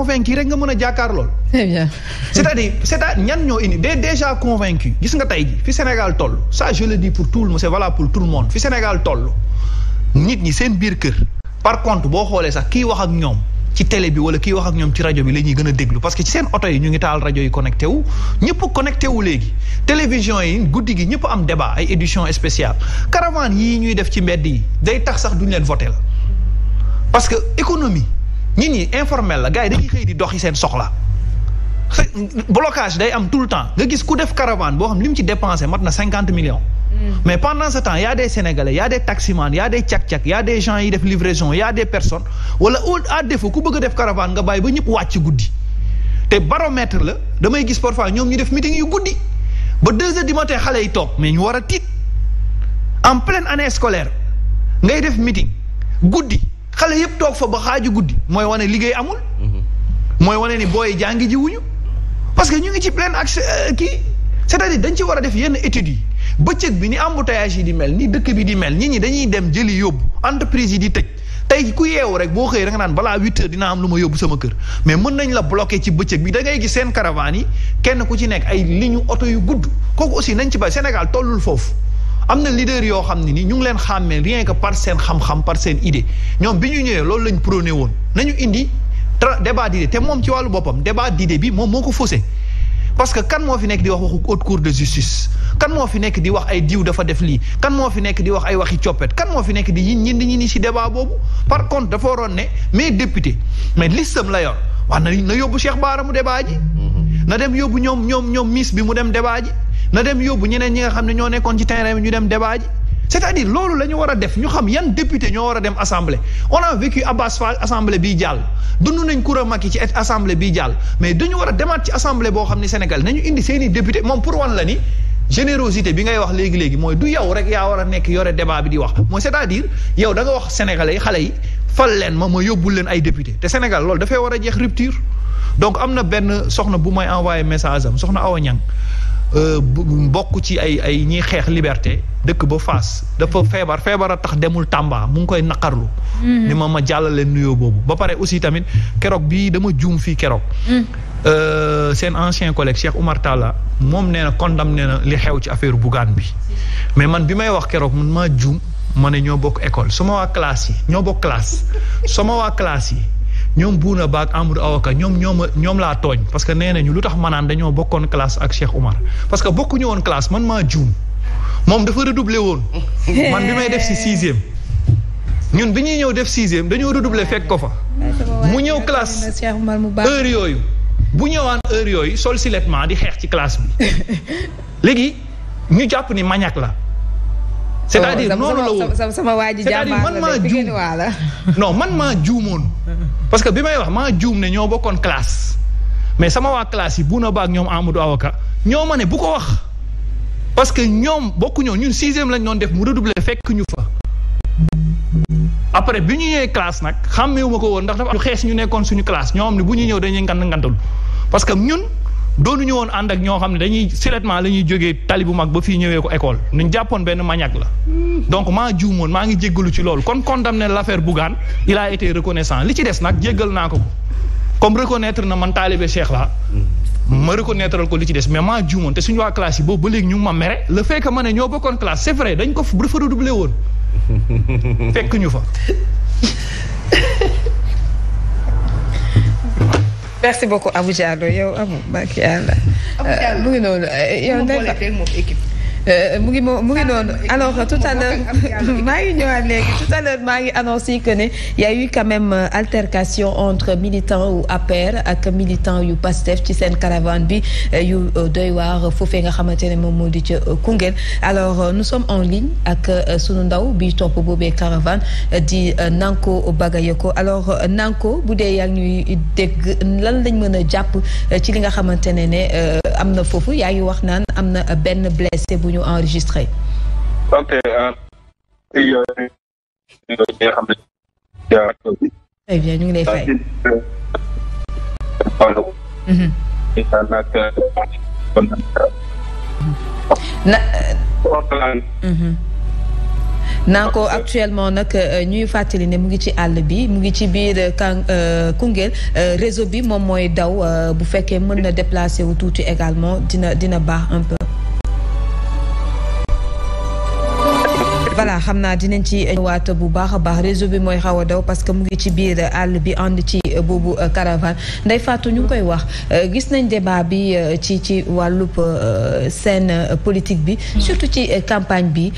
convaincu rek nga mën a jàkkaar lool. très bien c'est-à-dire c'est-à-dire ñan ñoo indi des déjà convaincu gis nga tey ji fi Sénégal toll ça je le dis pour tout le monde c'est valable pour fi Sénégal toll nit ñi seen biir kër. par contre boo xoolee sax kii wax ak ñoom. ci télé bi wala kii wax ak ñoom ci rajo bi la ñuy gën a déglu parce que ci seen oto yi ñu ngi taal rajo yi connecté wu ñëpp connecté wu léegi télévision yi guddi gi ñëpp am débat ay édition spéciale caravane yii ñuy def ci mbedd yi day tax sax duñ leen voté la parce que économie nit ñi informel la gars yi dañuy xëy di doxi seen soxla blocage day am tout le temps nga gis ku def caravane boo xam li mu ci dépensé mat na cinquante millions mm. mais pendant ce temps y a des sénégalais de a des taximans y a des cak-cak yi def livraison y a des personnes wala au à défaut ku bëgg a def caravane nga bàyyi ba ñëpp wàcc guddi te baromètre la damay gis parfois ñoom ñu def meeting yu guddi ba deux heures du matin xale yi toog mais ñu war a tiit en pleine année ngay def meeting guddi xale yëpp toog fa ba xaaju guddi mooy wane liggéey amul. mooy wane ni booy jàngi ji wuñu parce que ñu ngi ci plein accès euh, kii cest à dañ ci war a def yenn étude yi bëccëg bi ni embouteillage yi di mel ni dëkk bi di mel nit ñi dañuy dem jëli yóbbu entreprise yi di tëj tey ku yeewu rek boo xëyee da naan balaa huit heures dinaa am lu ma yóbbu sama kër mais mën nañ la bloqué ci bëccëg bi da ngay gis seen caravanes yi kenn ku ci nekk ay ligne oto yu gudd kooku aussi nañ ci bay Sénégal tollul foofu. am na leader yoo xam ne nii ñu ngi leen xàmmee rien que par seen xam-xam par seen idée ñoom bi ñu ñëwee loolu lañ prone woon nañu indi tra débat d'idée te moom ci wàllu boppam débat d'idée bi moom moo ko faussé parce que kan moo fi nekk di wax waxu haute cour de justice kan moo fi nekk di wax ay diw dafa def lii kan moo fi nekk di wax ay waxi coppet kan moo fi nekk di ñin ñi ni si débat boobu par contre dafa waroon ne mais député mais listam la yor wax na na yóbbu Cheikh Bara mu débat ji na dem yóbbu ñoom ñoom ñoom miss bi mu dem débat ji na dem yóbbu ñeneen ñi nga xam ne ñoo nekkoon ci terrain bi ñu dem débat ji c'est-à-dire loolu la ñu war a def ñu xam yan député ñoo war a dem assemblée on a vécu Abbas Fall assemblée bii jàll dund nañ Koura Macky ci assemblée bi jàll mais dañu war a demaat ci assemblée boo xam ne Sénégal nañu indi seen i député moom pour wan la ni générosité bi ngay wax léegi-léegi mooy du yow rek yaa war a nekk yore débat bi di wax mooy c'est-à-dire yow da nga wax sénégalais yi xale yi fal leen ma ma yóbbul leen ay député te Sénégal loolu dafay war a jeex rupture donc am na benn soxna bu may envoyé message am soxna Awa Niang euh, bokk ci ay ay ñiy xeex liberté dëkk ba fas dafa feebar feebar a tax demul Tamba mu ngi koy naqarlu mm-hmm. ni ma ma jàllale nuyoo boobu ba pare aussi tamit keroog bii dama juum fii keroog mm. euh, seen ancien collègue Cheikh Oumar Talla moom nee na condamné na li xew ci affaire Bougane bi mais man bi may wax keroog man maa juum ma ne ñoo bokk école sama waa classe yi ñoo bokk classe sama waa classe yi ñoom Bouna Ba ak Amadou Awaka ñoom ñoom ñoom laa tooñ parce que nee nañu lu tax manaan dañoo bokkoon classe ak Cheikh Oumar parce que bokkuñu woon classe man maa juum moom dafa redoubler woon. man bi may def si sixième. ñun bi ñuy ñëw def sixième dañoo redoubler fekk ko fa. mu ñëw classe heure yooyu. bu ñëwaan heure yooyu sol silettement di xeex ci classe bi léegi ñu jàpp ni maniaque la. c'est-à-dire noonu la woon sama waa ji jàmbaar la man maa man maa juumoon. parce que bi may wax maa juum ne ñoo bokkoon classe mais sama waa classe yi bu na baag ñoom Amadou Awaka ñoo ma ne bu ko wax parce que ñoom bokkuñoo ñun sixième lañ doon def mu redoubler fekk ñu fa. après bi ñu ñëwee classe nag xàmmeewu ma ko woon ndax dafa am xees ñu nekkoon suñu classe ñoo xam ne bu ñu ñëw dañuy ngand ngandalu parce que ñun. doonuñu woon ànd ak ñoo xam ne dañuy seulement la ñuy jógee tali bu mag ba fii ñëwee ko école ñu jàppoon benn maniaque la. donc maa juumoon maa ngi jéggalu ci loolu kon condamné l'affaire Bougane il a été reconnaissant li ci des nag jéggal naa ko comme reconnaître na man taalibe Cheikh la ma reconnaître ko li ci des mais maa juumoon te suñu waa classe yi boobu ba léegi ñu ma mere le fait que ma ne ñoo bokkoon classe c'est vrai dañ ko dafa redoublé woon fekk ñu fa. merci beaucoup Abou Diallo yow Abou Bakhy Yàlla. Abou euh, mu ngi Euh, mu ngi moo mu ngi noonu alors euh, tout à l'heure maa ngi ñëwaat léegi maa ngi annoncé que ne y a euh, altercation entre militants yu APR ak militants yu PASTEF ci seen caravane bi yu doy waar foofee nga xamante ne moom moo di ca Koungheul alors nous sommes en ligne ak sunu ndaw bi topp boobee caravane di Nanko Bagayoko alors Nanko bu dee yaa ngi ñuy dégg lan lañ mën a jàpp ci li nga xamante ne ne am na foofu yaa ngi wax naan am na benn blessé bu ñu enregistré. ok. Euh, très bien ñu ngi lay fay. Euh, mhm. Euh, mhm. naa ko actuellement nag euh, ñuy fàttali ne mu ngi ci àll bi mu ngi ci biir euh, kan euh, Koungheul réseau bi moom mooy daw bu fekkee mën na déplacer wu tuuti également dina dina baax un peu. voilà xam naa dinañ ci ñëwaat bu baax baax réseau bi mooy xaw a daw parce que mu ngi ci biir àll bi ànd ci boobu euh, caravane nday Fatou ñu ngi koy wax euh, gis nañ débat bi euh, ci ci wàllub scène politique bi hmm. surtout ci campagne bi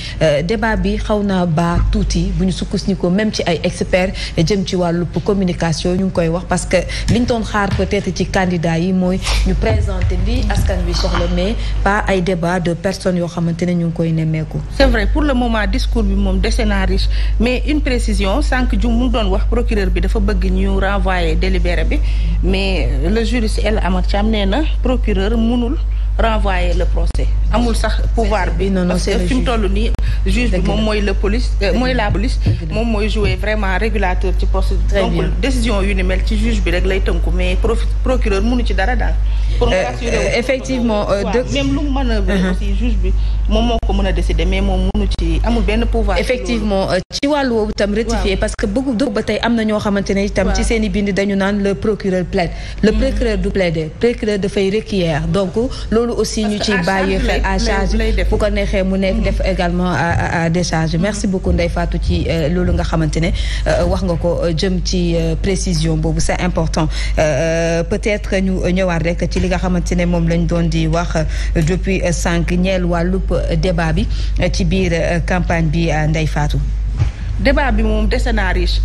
débat bi xaw naa baa tuuti bu ñu sukkandiku même ci ay experts jëm ci wàllub communication ñu ngi koy wax parce que liñ doon xaar peut-être ci candidat yi mooy ñu présenter lii askan wi soxla mais pas ay débat de personnes yoo xamante ne ñu ngi koy nemmeeku discours bi moom dese naa riche mais une précision sànq ju mu doon wax procureur bi dafa bëgg ñu renvoyer délibéré bi mais le juriste El Amar Thiam nee na procureur mënul renvoyer le procès amul sax pouvoir bi parce que fi mu toll nii juge bi moom euh, mooy la police mooy la police moom mooy jouer vraiment régulateur ci poste donc décision yu ni mel ci juge bi rek lay tënku mais procureur mënu ci dara daal pour euh, euh, effectivement même lu mu mën uh-huh. a juge bi moom moo ko mën a décider mais moom amuñu ci amul benn pouvoir. effectivement euh, ci wàllu woowu itam rectifier parce que bëggu dëgg ba tey am na ñoo xamante ne itam ci seeni bind dañu naan le procureur plaide. le hmm. procureur du plaider procureur dafay requiert donc loolu aussi ñu ci bàyyi xel à charge bu ko neexee mu nekk hmm. def également à décharge hmm. merci beaucoup Ndeye faatu ci euh, loolu nga xamante ne euh, wax nga ko jëm ci précision boobu c'est important peut-être ñu ñëwaat rek ci li nga xamante ne moom lañ doon di wax depuis sànq ñeel wàllub bi Euh, campagne bi euh, Ndeye Fatou. débat bi moom dese naa riche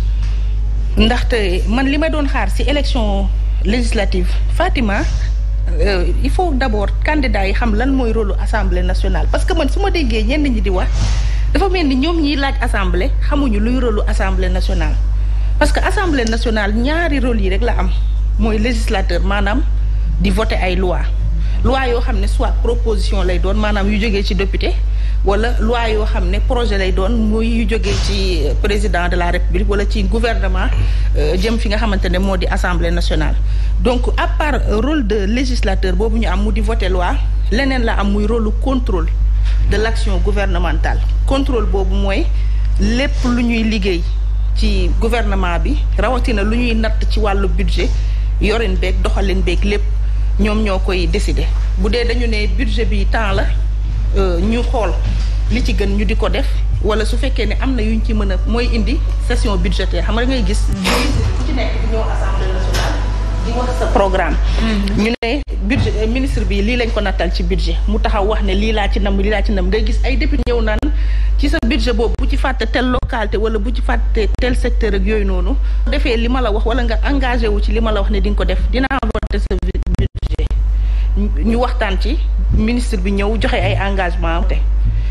ndaxte man li ma doon xaar ci élection législative Fatima euh, il faut d'abord candidat yi xam lan mooy rôle assemblée nationale parce que man su ma déggee ñenn ñi di wax dafa mel ni ñoom ñiy laaj assemblée xamuñu luy rôle assemblée nationale. parce que assemblée nationale ñaari rôle yi rek la am mooy législateur maanaam di voter ay loi loi yoo xam ne soit proposition lay doon maanaam yu jógee ci député wala loi yoo xam ne projet lay doon muy jóge jógee ci président de la république wala ci gouvernement euh, jëm fi nga xamante ne moo di assemblée nationale donc à part euh, rôle de législateur boobu ñu am mu di voter loi leneen la am muy rôle contrôle de l'action gouvernementale contrôle boobu mooy lépp lu ñuy liggéey ci gouvernement bi rawatina lu ñuy natt ci wàllu budget yorin beeg doxalin beeg lépp ñoom ñoo koy décider bu dee dañu ne budget bi temps la Euh, ñu xool li ci gën ñu di ko def wala su fekkee ne am na yuñ ci mën a mooy indi session budgétaire xam nga ngay gis. di wax sa programme. Mhm. ñu ne budget euh, ministre bi lii lañ ko nattal ci budget mu taxaw wax ne lii laa ci nam lii laa ci nam ngay gis ay député ñëw naan ci sa budget boobu bu ci fàtte tel localité wala bu ci fàtte tel secteur ak yooyu noonu. defee li ma la wax wala nga engagé wu ci li ma la wax ne di nga ko def dinaa voté sa budget ñu waxtaan ci. ministre bi ñëw joxe ay engagement te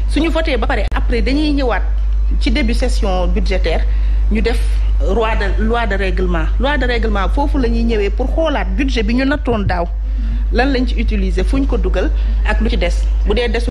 suñu voté ba pare après dañuy ñëwaat ci début session budgétaire ñu def loi de loi de règlement loi de règlement foofu la ñuy ñëwee pour xoolaat budget bi ñu nattoon daaw lan lañ ci utiliser fu ñu ko dugal ak lu ci des bu dee desul